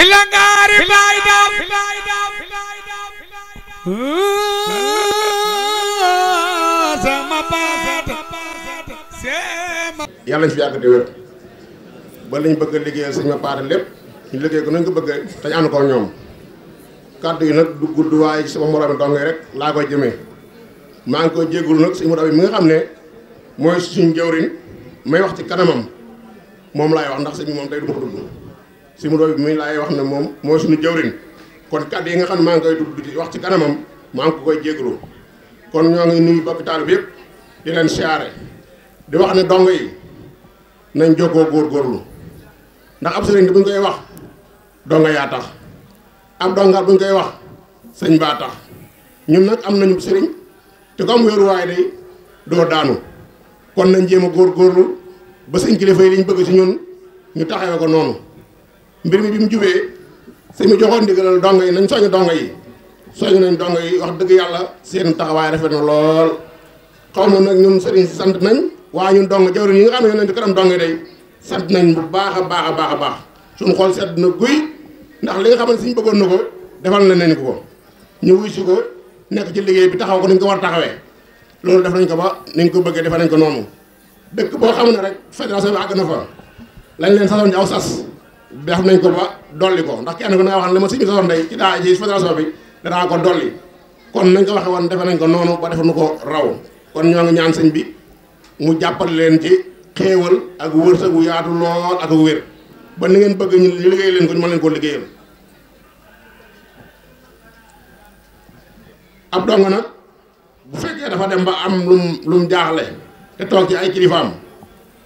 Hilangari Baidam sama paat yàlla fi yàgg di wér ba lañ bëgg a liggéeyal lépp ñu liggéey ko bëgg ko yi du sama rek koy ngi koy jéggul mi nga jëwriñ may wax ci kanamam si mu doon mi laay wax ne moom mooy suñu jëwriñ kon kàddu yi nga xam ne maa ngi koy dugg di wax ci kanamam maa ngi ko koy jégalu kon ñoo ngi nuyu bokk taal bi yëpp di leen siyaare di wax ne dong yi nañ góor góorlu ndax ab sëriñ buñ koy wax dong yaa tax ab dongaat buñ koy wax sëñ baa tax ñun nag am nañu sëriñ te ko am wéeruwaay day doo daanu kon nañ jéem a góorgóorlu ba sëñ kilifa yi liñ bëgg ci ñun ñu taxawee ko noonu. mbir mi bi mu jubee sëñ bi joxoon ndigalal dongo yi nañ soñu dongo yi soñu nañ dongo yi wax dëgg yàlla seen taxawaay rafet na xaw ma nag ñun sëriñ sant nañ waaye ñun dongo jawriñ yi nga xam ne nañ ci kanam dongo yi sant nañ bu baax a baax a baax a baax suñu xool sedd na guy li xam ne suñ bëggoon na ko defal na nañ ko ñu wuy si ko nekk ci liggéey bi taxaw ko nañ ko war taxawee loolu def nañ ko ba nañ ko bëggee defal nañ ko noonu dëkk boo xam ne rek fédération bi àgg na fa lañ leen sasoon ci aw sas ba xam nañ ko ba dolli ko ndax kenn ku ne nga wax ne ma si ñu ci daa fédération bi danaa ko dolli kon nañ ko waxe woon defe nañ ko noonu ba defe ko raw kon ñoo ngi ñaan sëñ bi mu jàppal leen ci xéewal ak wërsëg wu yaatu lool ak wér ba ni ngeen bëgg ñu liggéey leen ko ñu mën leen koo liggéeyal ab dong nag bu fekkee dafa dem ba am lum lum jaaxle te toog ci ay kilifaam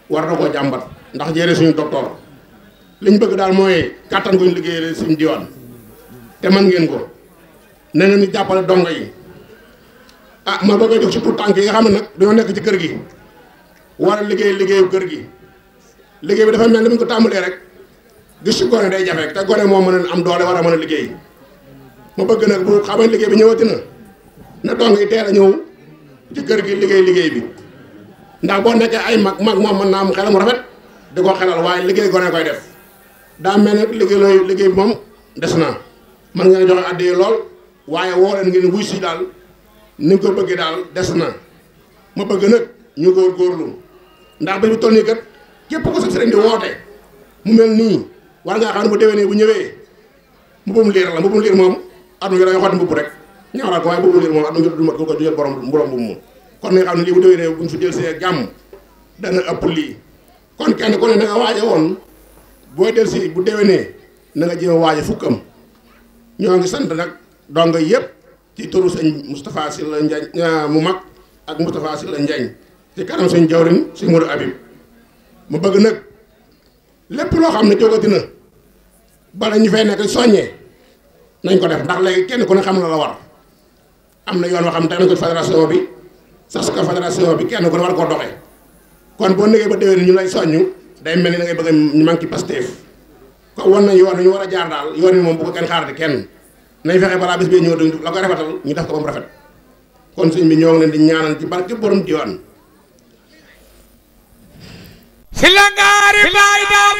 war na koo jàmbat ndax jëre suñu docteur li ñu bëgg daal mooy kàttan guñ liggéeyee suñ diwaan te man ngeen ko na ngeen jàppale dongo yi ah ma bëgg a jox surtout tànk yi nga xam ne nag dañoo nekk ci kër gi war a liggéey liggéeyu kër gi liggéey bi dafa mel ni ko tàmbalee rek gis si gone day jafe te gone moo mën am doole mën a liggéey ma bëgg nag bu xamee liggéey bi ñëwati na na yi teel a ñëw kër gi liggéey liggéey bi ndax boo nekkee ay mag mag moom mën naa am xelam rafet di ko xelal waaye liggéey gone koy def. da mel nag liggéey looy liggéey moom des na mën ngeen joxe addi lool waaye woo ngeen wuy ci dal ni ko bëggee dal desna ma bëgg nak ñu góorgóorlu ndax ba ñu toll nii kat képp ko sa sëriñ di woote mu mel nii war nga xam ne bu déwénee bu mu mbubbum liir la mu bu moom at mu yor nga xotti mbubb rek ñaara ko way bu liir moom at mu yor du mat ko jël borom borom bu mu kon nga xam ni lii bu déwénee bu ñu fi jël gam da dana ëpp li kon kenn ko ne na nga waaje won boo del si bu déwénee nanga nga jéem a fukk am ñoo ngi sant nag dongo yëpp ci turu sëñ Moustapha la Ndiagne ah, mu mag ak Moustapha la Ndiagne ci kanam sëñ jawrin sëñ Modou Habib mu bëgg nag lépp loo xam ne jógati na bala ñu fay nekk soññee nañ ko def ndax léegi kenn ku ne xam na la war am na yoon woo xam ne nañ ko fédération bi sas ko fédération bi kenn ku ne war koo doxee kon boo négee ba déwénee ñu lay soññu day mel ni da ngay bëgg ñu manqué Pastef kon wan nañ yoon ñu war a jaar daal yoon wi moom bu ko kenn xaarati kenn nañ fexe balaa bis bee ñëw dañ la ko rafetal ñu def ko ba rafet kon sëñ bi ñoo ngi leen di ñaanal ci barke borom diwaan si la ngaari baay daam